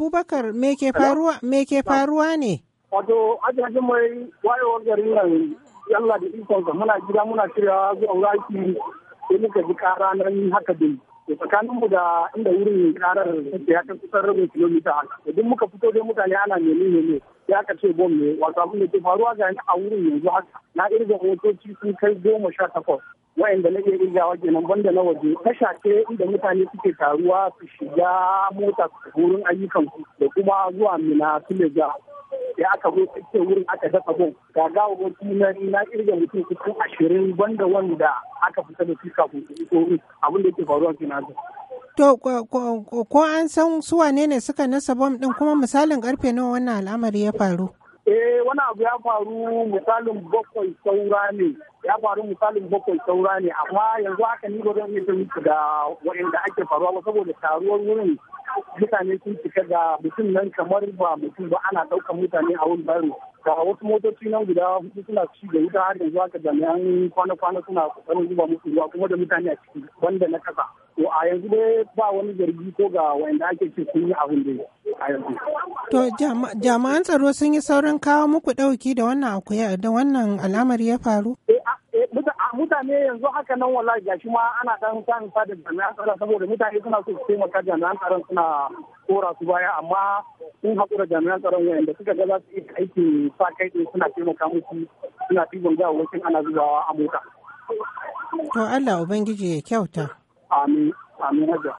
Abubakar me ke faruwa me ke faruwa ne? Wato ajajin mai wayewar garin nan yalla da ikonsa muna gida muna shirya zuwa wuraki sai muka ji kara nan haka din. tsakaninmu da inda wurin karar ya kusan rabin kilomita haka. Idan muka fito dai mutane ana nemi nemi sai aka ce bom ne wato abin da ke faruwa ga ni a wurin yanzu haka na irga motoci sun kai goma sha takwas wa'anda na iya irga waje nan banda na waje tasha ce inda mutane suke taruwa su shiga mota wurin ayyukan da kuma zuwa mina su sai aka zo cikin wurin aka dafa bom ga gawawaki na na irga mutum kusan ashirin banda wanda aka fita da su kafin su iso wurin abin da ke faruwa kenan To, ko an san su wane ne suka nasa bom ɗin kuma misalin karfe nawa wannan al'amari ya faru? Eh, wani abu ya faru misalin bakwai saura ne. Ya faru misalin bakwai saura ne, amma yanzu aka ni ba zan iya muku da waɗanda ake faruwa ba saboda taruwar wurin mutane sun cika da mutum nan kamar ba mutum ba ana ɗaukar mutane a wani baro. ga wasu motoci nan guda hudu suna ci da wuta har yanzu aka jami'an kwana-kwana suna kokarin zuba musu ruwa kuma da mutane a ciki wanda na kasa to a yanzu dai ba wani zargi ko ga wanda ake ce sun yi abin da a yanzu. To jami'an tsaro sun yi saurin kawo muku ɗauki da wannan akuya da wannan al'amari ya faru? Eh, eh, mutane yanzu haka nan wallahi gashi ma ana kan san da jami'an tsaro saboda mutane suna so su taimaka jami'an tsaron suna kora su baya amma sun haƙura jami'an tsaron da suka ga za su iya aiki sa kai suna taimaka musu suna tibin gawa ana zubawa a mota. To Allah Ubangiji ya kyauta. Amém. Amém, Adão. Né,